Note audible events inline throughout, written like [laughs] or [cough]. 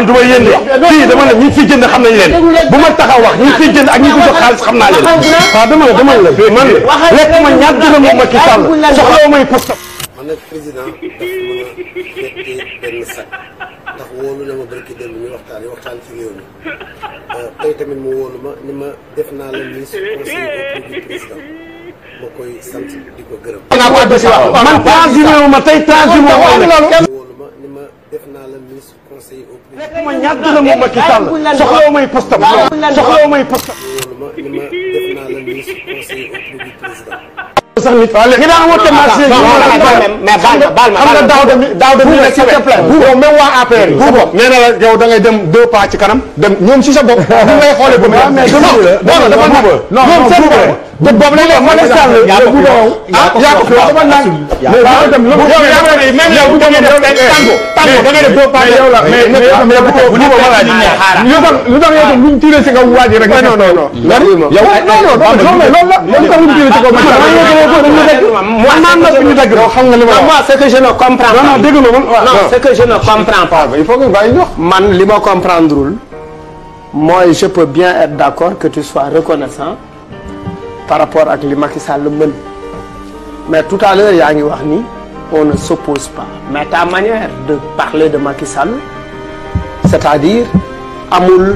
man du ma yéen de fii dama ne ñi fi jënd xam nañ leen bu ma taxaw wax ñi fi jënd ak ñi ko jox xaalis xam naa leen waaw dama la dama la man lekk ma ñaar dina moom ma ci sàll soxla may pour sa man nag président daf ma benn sac ndax wóolu na ma barki démb ñu waxtaan yi waxtaan ci réew mi euh, tey tamit mu wóolu ma ni ma def naa la ministre conseil au du président ma koy sant di ko gërëm. man transhumé wu ma tey transhumé wu ma fekk ma ñàkk na mu Macky Sall soxla may postam soxla may postam sax nit waaw léegi daan woote marché yi mais baal ma xam nga daaw de daaw de mille s'il te plaît buuboo même waa APR yi buuboo nee na la yow da ngay dem deux pas ci kanam dem ñoom si sa bopp ñu [laughs] ngay xoolee ba mais non non dama nag ñoom seen bopp boobu la ma ne Sall yaa ko fi wax ah, yaa ko fi wax dama nag mais dama dem lu yow yi même yow da ngay def doo lu tax yow tam luñ tiiree si kaw waaj rek non non non yow non non loolu la luñ tiiree si kaw man man na ñu dagg xam nga li ma moi ce que je ne comprends pas non dégg que je ne comprends pas bien être d'accord que tu sois reconnaissant par rapport ak li Macky Sall mën mais tout à l'heure yaa ngi wax ni on ne s'oppose pas mais ta manière de parler de Macky Sall c'est-à-dire amul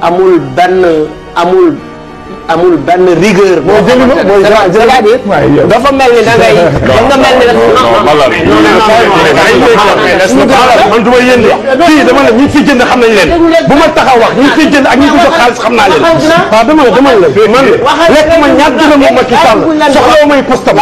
amul benn amul amul benn rigueur. boo xamante ne c'est-à-dire dafa mel ni da ngay. da nga mel ni man du ma yéen de fii dama ne ñi fi jënd xam nañ leen bu ma taxaw wax ñi fi jënd ak ñi fi jox xaalis xam naa leen waaw dama ne dama ne la man lekk ma ñaar dërëm ma ci sàll soxla may postam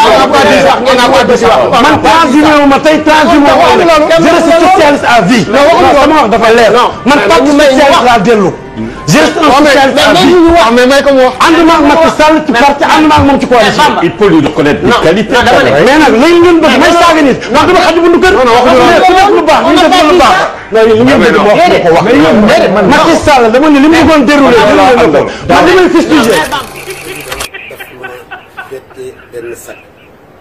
man transhumé wu ma tey transhumé wu ma je reste socialiste à vie sama wax dafa leer man parti socialiste laa dellu geste officiel mais may ko mu wax. ànduma ak Macky Sall ci parti ànduma ak moom ci coalition. il faut lui reconnaître des qualités. non dama ne mais nag léegi ngeen bëgg may saaga nit. ndax dama xaju buntu kër. non non waxuñu lu baax ñu def lu baax. mais li ngeen bëgg wax ko wax. mais Macky Sall dama ne li mu bëggoon déroulé déroulé na ko. man damay fustigé. benn sac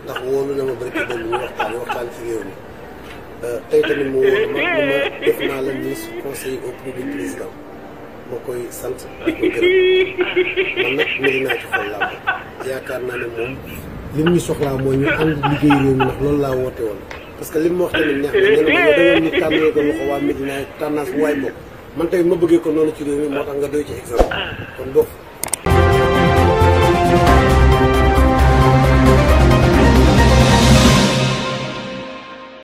ndax wóolu na ma bëri te doon waxtaan waxtaan ci réew mi tey tamit mu wóolu ma def naa la ministre conseiller au plus du président moo koy sant ak ko gërëm ah, man nag mari naa ci xol yaakaar naa ne moom li ñu soxlaa mooy ñu ànd liggéey réew mi ndax loolu laa woon parce que li mu wax tamit neex na nee na ma ko loxo waa Medina tànnaas waay bokk man ma bëggee ko noonu ci réew mi moo tax nga doy ci exemple kon bokk